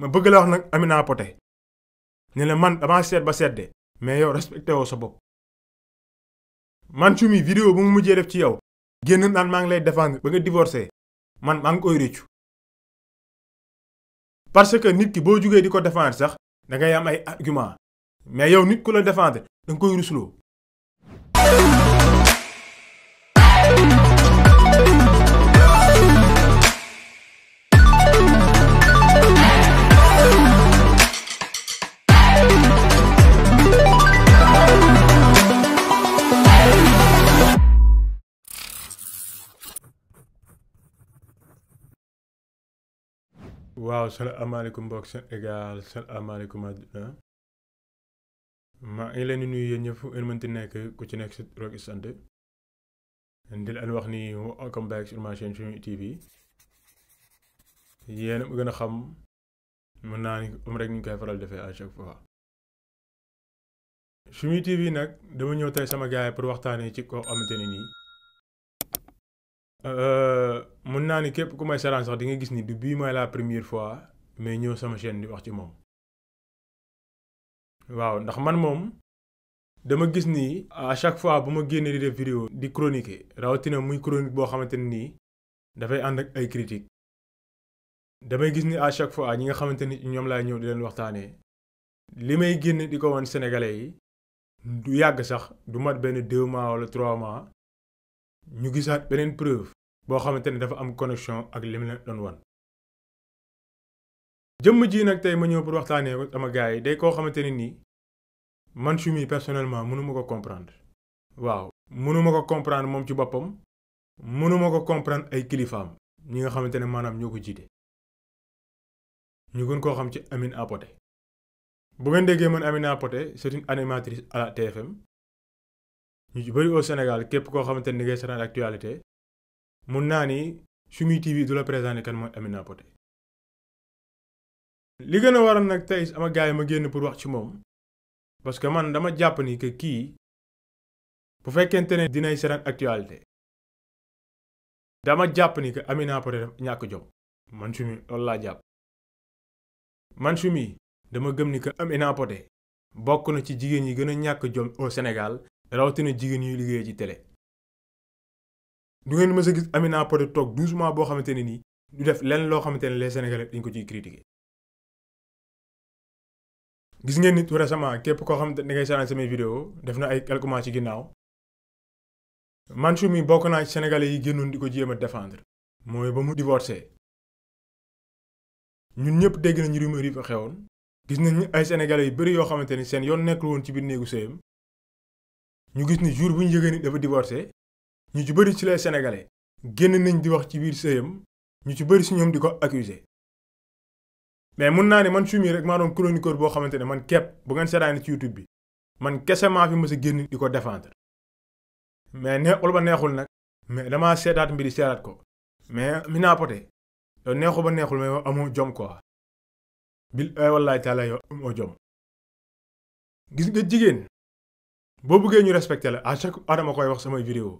ma bëgg la wax nag Amina Poté ne man damaa seet ba seddee mais yow respecté sa bopp man sumi vidéo bu mu mujjee def ci yow génn naan maa ngi lay défendre ba nga divorcé man maa ngi koy réccu parce que nit ki boo jugee di ko défendre sax da ngay am ay argument mais yow nit ku la défendre da nga koy rusloo waaw salaamaaleykum mbokk Sénégal salaamaaleykum àdduna maa ngi leen di nuyu yéen ñëpp ngeen mënti nekk ku ci nekk si roog i sant di leen wax ni welcome back sur ma chaîne Choumi TV yéen a gën a xam mën naa ni am rek ñu koy faral defee à chaque fois Choumi TV nag dama ñëw tey sama gaay pour waxtaanee ci koo am ne nii Euh, mun naa ni képp ku may saraan sax di nga gis ni du bii mooy la première fois mais ñëw sama chaîne di wax ci moom. waaw ndax man moom dama gis ni à chaque fois bu ma génnee di def vidéo di chroniquer rawatina muy cronique boo xamante ne nii dafay ànd ak ay critique damay gis ni à chaque fois ñi nga xamante ni ñoom laay ñëw di leen waxtaanee li may génnee di ko wan sénégalais yi du yàgg sax du mat benn deux mois wala trois mois ñu gisaat beneen preuve boo xamante ni dafa am connexion ak li doon wan. jëmm jii nag tey ma ñëw pour waxtaanee ko sama gars yi day koo xamante ne nii man su mi personnellement mënuma ko comprendre. waaw mënuma ko comprendre moom ci boppam mënuma ko comprendre ay kilifaam ñi nga xamante ne maanaam ñoo ko jiite ñu gën koo xam ci Amine Apoté bu ngeen déggee man Amina Poté c'est une animatrice à la TFM ñu ci bëri au Sénégal képp koo xamante ni ngay seetaan actualité mun naa ni Choumi TV du la présenté kan mooy Amina Poté li gën a waral nag tey ama gars yi ma génn pour wax ci moom parce que man dama jàpp ni que kii bu fekkente ne dinay seetaan actualité dama jàpp ni que Amina Poté ñàkk jom man Choumi loolu laa jàpp man sumi dama gëm ni que Amina Poté bokk na ci jigéen yi gën a ñàkk jom au Sénégal rawatina jigéen ñuy liggéey ci télé. du ngeen mës a gis Amina Poté toog 12 boo xamante ni nii du def lenn loo xamante ne les Sénégalais dañ ko ciy critiquer. gis ngeen nit récemment képp koo xamante ne ngay seetaan samay vidéo def na ay quelques mois ci ginnaaw. Manchou mi bokk naa ci sénégalais yi génnoon di ko jéem a défendre. mooy ba mu divorcé. ñun ñëpp dégg nañu rumeur yi fa xewoon. gis nañu ay sénégalais yu bari yoo xamante ni seen yoon nekkul woon ci biir néegu sëyam ñu gis ni jur bu ñu yëgee ni dafa divorcé ñu ci bëri ci les sénégalais génn nañ di wax ci biir sëyam ñu ci bëri si ñoom di ko accusé mais mun naa ne man Choumi rek maa doon chroniqueur boo xamante ne man képp bu ngeen seetaanee ci YouTube bi man kese maa fi mës a génn di ko défendre mais neexul ba neexul nag mais dama seetaat mbiri seetaat ko mais Mina Poté yow neexul ba neexul mais yow amoo jom quoi bil ay eh, wallaay taala yow amoo jom gis nga jigéen boo bëggee ñu respecté la à chaque fois koy wax samay vidéo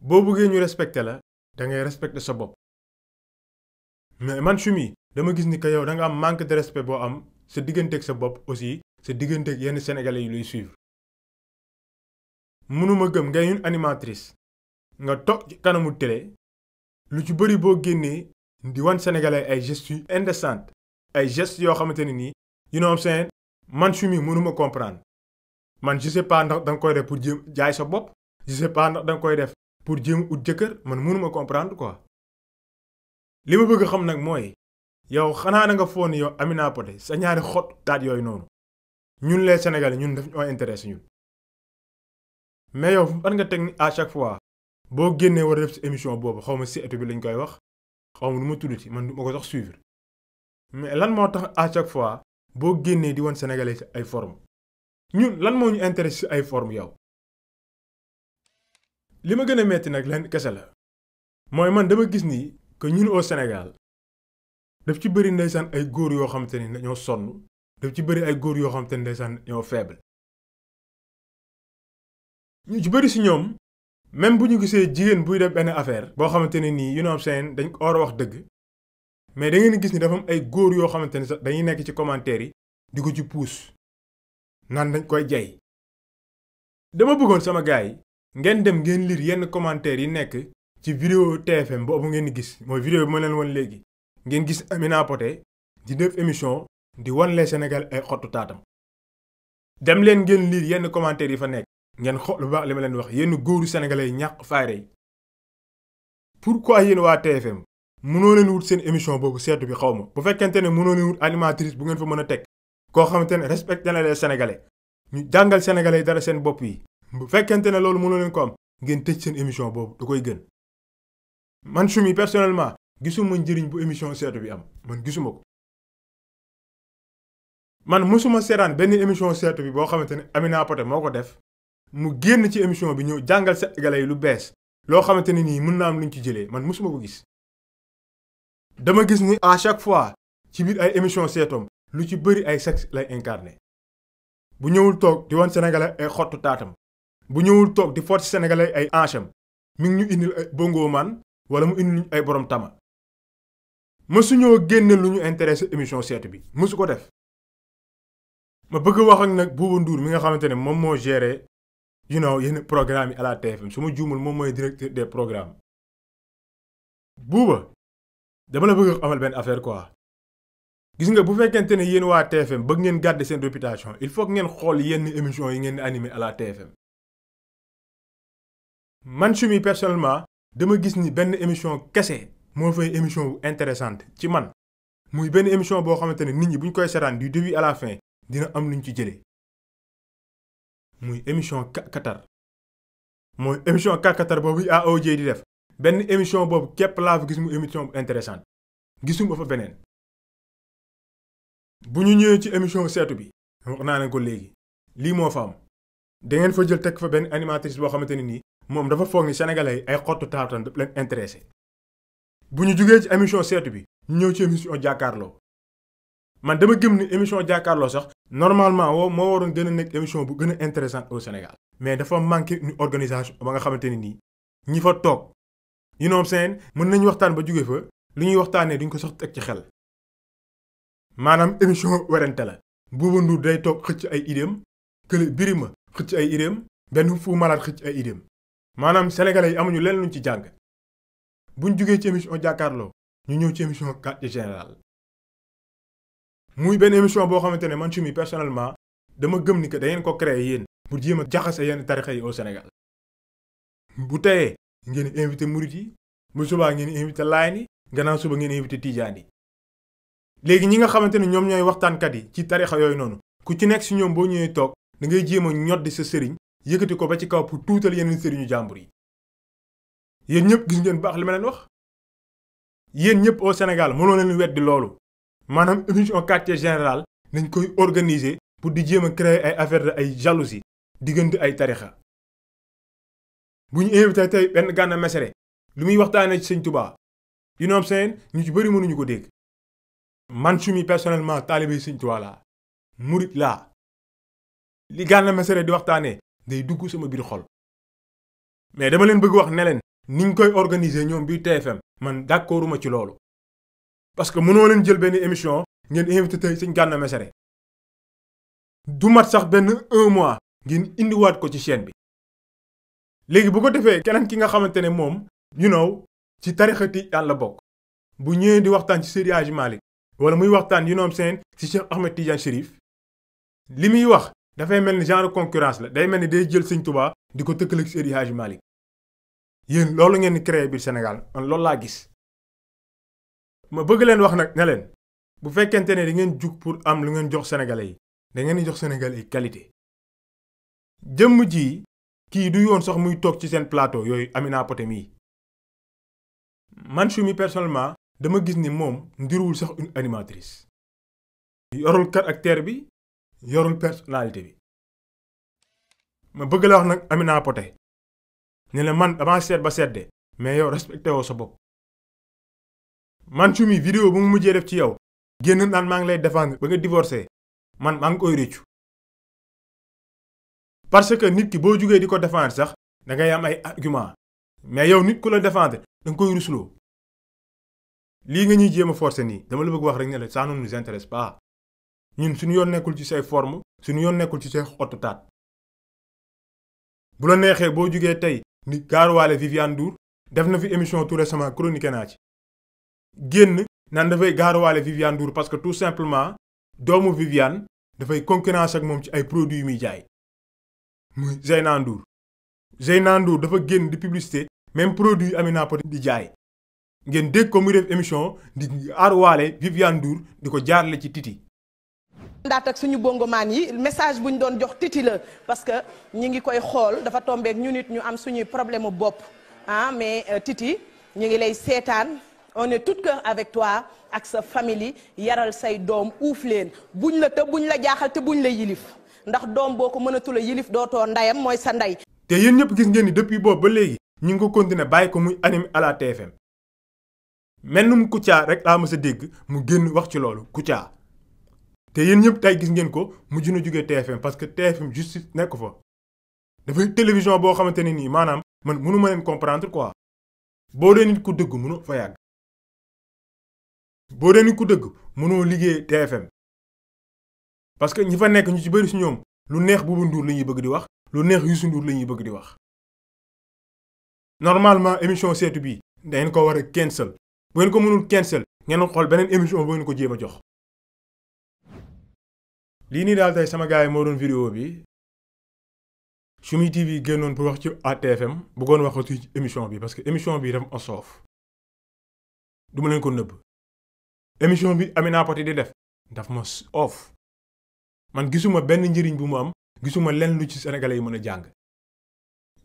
boo bëggee ñu respecté la da ngay respecté sa bopp mais man Choumi dama gis ni que yow da nga am manque de respect boo am sa digganteeg sa bopp aussi sa diggante digganteeg yenn sénégalais yi luy suivre mënuma gëm ngay une animatrice nga toog kanamu télé lu ci bëri boo génnee di wan sénégalais ay gestes yu indécentes ay gestes yoo xamante ne nii you know what I'm saying mënuma comprendre man je sais pas ndax da nga koy def pour jéem jaay sa bopp je sais pas ndax da koy def pour jéem ut jëkkër man mënuma comprendre quoi. li ma bëgg xam nag mooy yow xanaa na nga foog ne yow Amina Poté sa ñaari xot taat yooyu noonu ñun les Sénégalais ñun daf ñoo intéressé ñun. mais yow fan nga teg ni à chaque fois boo génnee war a def si émission boobu xaw ma seetu bi lañ koy wax xaw ma nu tuddu ci man du ma ko sax suivre mais lan moo tax à chaque fois boo génne di wan Sénégalais ay forme ñun lan moo ñu intéressé ay forme yow li ma gën a metti nag leen kese la mooy man dama gis ni que ñun au Sénégal daf ci bëri ndeysaan ay góor yoo xam te ni dañoo sonn daf ci bëri ay góor yoo xam te ni ndeysaan ñoo faible ñu ci bëri si ñoom même bu ñu gisee jigéen buy def benn affaire boo xamante ne nii yu ne seen dañ ko war a wax dëgg mais da ngeen gis ni dafa ay góor yoo xamante ni sax dañuy nekk ci commentaire yi di ko ci pousse nan dañ koy jay dama bëggoon sama gaay yi ngeen dem ngeen liir yenn commentaire yi nekk ci vidéo TFM boobu ngeen di gis mooy vidéo bi ma leen woon léegi ngeen gis Amina Poté di def émission di wan les Sénégal ay xottu taatam dem leen ngeen liir yenn commentaire yi fa nekk ngeen xool lu baax li ma leen wax yenn góoru sénégalais yi ñàkk faayre yi pourquoi yéen waa TFM mënoo leen wut seen émission boobu seetu bi xaw ma bu fekkente ne mënoo leen wut animatrice bu ngeen fa mën a teg koo xamante ne respecté na les sénégalais ñu jàngal yi dara seen bopp yi bu fekkente ne loolu mënu leen ko am ngeen tëj seen émission boobu du koy gën man su mi personnellement gisuma njëriñ bu émission seetu bi am man gisuma ko man mosuma seetaan benn émission seetu bi boo xamante ne Amina Poté moo ko def mu génn ci émission bi ñëw jàngal sénégalais yi lu bees loo xamante ne nii mën naa am luñ ci jëlee man mosuma ko gis dama gis ni à chaque fois ci biir ay émission seetoom lu ci bëri ay sexe lay incarné bu ñëwul toog di wan sénégalais ay xottu taatam bu ñëwul toog di force sénégalais ay ancham mi ngi ñu indil ay bongo man wala mu indi ñu ay borom tama mësuñoo génne lu ñu intéressé émission seetu bi mësu ko def ma bëgg wax ak nag Bouba nduur mi nga xamante ne moom moo géré yu know yenn programme yi à la su ma juumul moom mooy directeur des programmes Bouba dama la bëgg amal benn affaire quoi gis nga bu fekkente ne yéen waa TFM bëgg ngeen garder seen réputation il faut que ngeen xool yenn émission yi ngeen di animé à TFM man su mi dama gis ni benn émission kese moo fay émission bu intéressante ci man muy benn émission boo xamante ne nit ñi bu ñu koy seetaan du début à la fin dina am luñ ci jëlee muy émission kakatar mooy émission kakatar boobu AOJ di def benn émission boobu képp laa fa gis mu émission bu intéressante gisuma fa beneen bu ñu ñëwee ci émission seetu bi wax naa leen ko léegi lii moo fa am da ngeen fa jël tekk fa benn animatrice boo xamante ne nii moom dafa foog ni sénégalais yi ay xottu taatan daf leen intéressé bu ñu jugee ci émission seetu bi ñu ñëw ci émission jàkkaarloo man dama gëm ni émission jàkkaarloo sax normalement woo moo waroon gën a nekk émission bu gën a intéressante au Sénégal mais dafa manqué une organisation ba nga xamante ne nii ñi fa toog yu noom seen mën nañu waxtaan ba jóge fa lu ñuy waxtaanee duñ ko sax teg ci xel maanaam émission werante la Bouba Ndour day toog xëcc ay idéem kële Birima xëcc ay idéem benn Fou Malade xëcc ay idéem maanaam sénégalais yi amuñu leen luñ ci jàng buñ jugee ci émission jàkkaarloo ñu ñëw ci émission quartier général muy benn émission boo xamante ne man su mi personnellement dama gëm ni que dangeen ko créé yéen bu jéem a jaxase yenn tarixa yi au Sénégal bu teyee ngeen invité murit yi bu subaa ngeen invité laayeen yi gannaaw suba ngeen invité tijaan yi léegi ñi nga xamante ne ñoom ñooy waxtaankat yi ci tarixa yooyu noonu ku ci nekk si ñoom boo ñu ñëwee toog da ngay jéem a ñoddi sa sëriñ yëkkati ko ba ci kaw pour tuutal yeneen sëriñu jàmbur yi yéen ñëpp gis ngeen baax li ma leen wax yéen ñëpp au Sénégal mënoo leen weddi loolu maanaam émission quartier général dañ koy organiser pour di jéem a créer ay affaire de ay jalousie diggante ay tarixa bu ñu invité tey benn Gana Messere lu muy waxtaanee ci Sëñ Tuubaa you know ñu ci bëri mënuñu ko dégg man sumi personnellement taalibe Sëñ Tuubaa laa murit laa li Gana Messere di waxtaanee day dugg sama biir xol mais dama leen bëgg wax ne leen niñ koy organiser ñoom bi TFM man d'accorduma ci loolu parce que mënoo leen jël benn émission ngeen invité tey Sëñ Gana Messere du mat sax benn un mois ngeen indiwaat ko ci chaîne bi léegi bu ko defee keneen ki nga xamante ne moom you know ci tarixati yàlla bokk bu ñëwee di waxtaan ci Seydi Hadji wala muy waxtaan yu noom seen ci Cheikh Ahmed Tidiane Chérif li muy wax dafay mel ni genre concurrence la day mel ni day jël Sëñ Tuubaa di ko tëkkaleeg Seydi Hadji Malick yéen loolu ngeen di créé biir Sénégal man loolu laa gis. ma bëgg leen wax nag ne leen bu fekkente ne da ngeen jug pour am lu ngeen jox sénégalais yi dangeen di jox sénégale yi qualité jëmm ji kii du yoon sax muy toog ci seen plateau yooyu Amina Poté mii man dama gis ni moom ndiruwul sax une animatrice yorul caractère bi yorul personnalité bi ma bëgg la wax nag Amina Poté ne man damaa seet ba sedde mais yow respecté sa bopp man su mi vidéo bu mu mujjee def ci yow génn naan maa ngi lay défendre ba nga divorcé man maa ngi koy réccu parce que nit ki boo jugee di ko défendre sax da ngay am ay argument mais yow nit ku la défendre da nga koy rusloo lii nga ñuy jéem a forcé nii dama la bëgg wax rek ne la ça ne nous intéresse pas ñun suñu yoon nekkul ci say forme suñu yoon nekkul ci say xottu taat bu la neexee boo jugee tey ni gaaruwaale Viviane Dour def na fi émission tout récemment chronique naa ci génn naan dafay gaaruwaale Viviane Dour parce que tout simplement doomu Viviane dafay concurrence ak moom ci ay produit yu muy jaay muy Zeyna Ndour Zeyna dafa génn di publicité même produit Amina Poté di jaay ngeen dégg ko mu def émission di aar waale Viviane Ndour di ko jaarale ci Titi. ndaat suñu bongomaan yi message bu ñu doon jox Titi la parce que ñi ngi koy xool dafa tombeek ñu nit ñu am suñuy problème bopp ah mais euh, Titi ñu ngi lay seetaan. on tout cœur avec toi ak sa famille yaral say doom uuf leen buñ la te buñ la jaaxal te buñ la yilif ndax doom boo ko mënatul a yilif dootoo ndayam mooy sa ndey. te yéen ñëpp gis ngeen ni depuis boobu ba léegi ñu ngi ko continuer bàyyi ko muy animé à la mennum Kouthia rek laa mës a dégg mu génn wax ci loolu Kouthia te yéen ñëpp tey gis ngeen ko mujj na jógee TFM parce que TFM justice nekk fa dafay télévision boo xamante ne nii maanaam man mënu ma leen comprendre quoi boo dee nit ku dëgg mënu fa yàgg boo dee nit ku dëgg mënoo liggéey TFM parce que ñi fa nekk ñu ci bëri si ñoom lu neex Bouba Ndour la ñuy bëgg di wax lu neex Youssou Ndour la ñuy bëgg di wax normalement émission seetu bi dañ ko war a cancel bu ngeen ko mënul cancel ngeen xool beneen émission bu ngeen ko jéem a jox. lii nii daal tey sama gars yi moo doon vidéo bi Choumi TV génnoon pour wax ci ATFM bëggoon wax aussi ci émission bi parce que émission bi dafa ma soof du ma leen ko nëbb émission bi Amina Poté di def daf ma soof man gisuma benn njëriñ bu mu am gisuma lenn lu ci sénégalais yi mën a jàng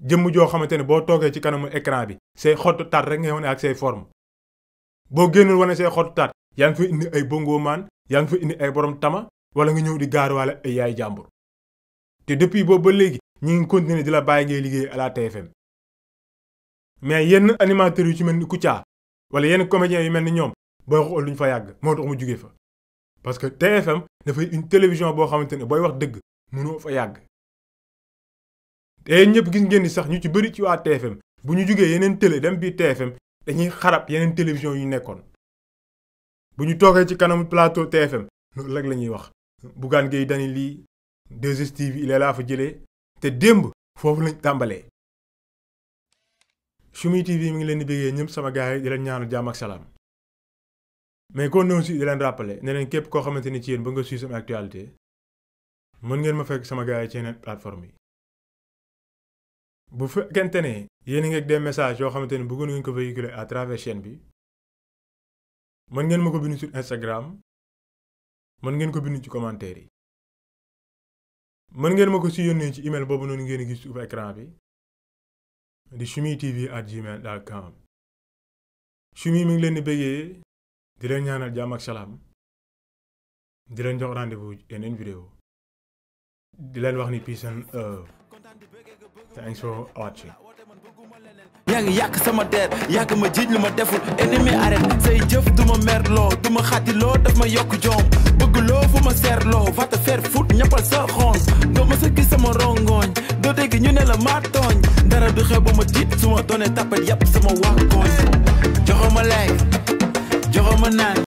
jëmm joo xamante ne boo toogee ci kanamu écran bi say xottu tat rek nga mën ak say forme boo génnoon wane see xottu taat yaa ngi fa indi ay bongo maan yaa ngi fa indi ay borom tama wala nga ñëw di gaaruwaale ay yaay jàmbur te depuis boobu ba léegi ñu ngi continuer di la bàyyi ngay liggéey à la TFM mais yenn animateurs yu ci mel ni ku caa wala yenn comédiens yu mel ni ñoom boo xool duñ fa yàgg moo tax mu jugee fa parce que TFM dafay une télévision boo xamante ne booy wax dëgg mënoo fa yàgg te ñëpp gis ngeen ni sax ñu ci bëri ci waa TFM bu ñu jugee yeneen télé dem biir TFM dañuy xarab yeneen télévision yu nekkoon bu ñu toogee ci kanamu plateau TFM loolu rek la ñuy wax Bougane Gueye Dany lii 2STV il laa fa jëlee te démb foofu lañ tàmbalee Choumi TV mi ngi leen di béggee ñëpp sama gars yi di leen ñaanu jàmm ak salaam mais kon aussi di leen rappeler ne leen képp koo xamante ni ci yéen ba nga suivre sama actualité mën ngeen ma fekk sama gars yi ci yeneen plateforme yi bu fekkente ne yéen a ngi ak des messages yoo xamante ni bëggoon ngeen ko véhiculer à travers chaîne bi mën ngeen ma ko bind sur Instagram mën ngeen ko bind ci commentaire yi mën ngeen ma ko si yónnee ci email boobu noonu ngeen gis suuf écran bi di choumi tv at gmail daa com choumi mi ngi leen di bëggee di leen ñaanal jàmm ak salaam di leen jox rendez-vous yeneen di leen wax ni peace and thanks for watching ñaa ngi yàq sama der yàgg ma jiiñ lu ma deful ennemi arrête say jëf du ma merloo du ma xati loo daf ma yokk joom bëgg loo ma seerloo va te faire foutre ñappal sa xons doo ma sa gis sama rongoñ doo dégg ñu ne la maa tooñ dara du xew ba ma tiit su ma doonee tappal yàpp sama waa kooñ ma lekk joxo ma naan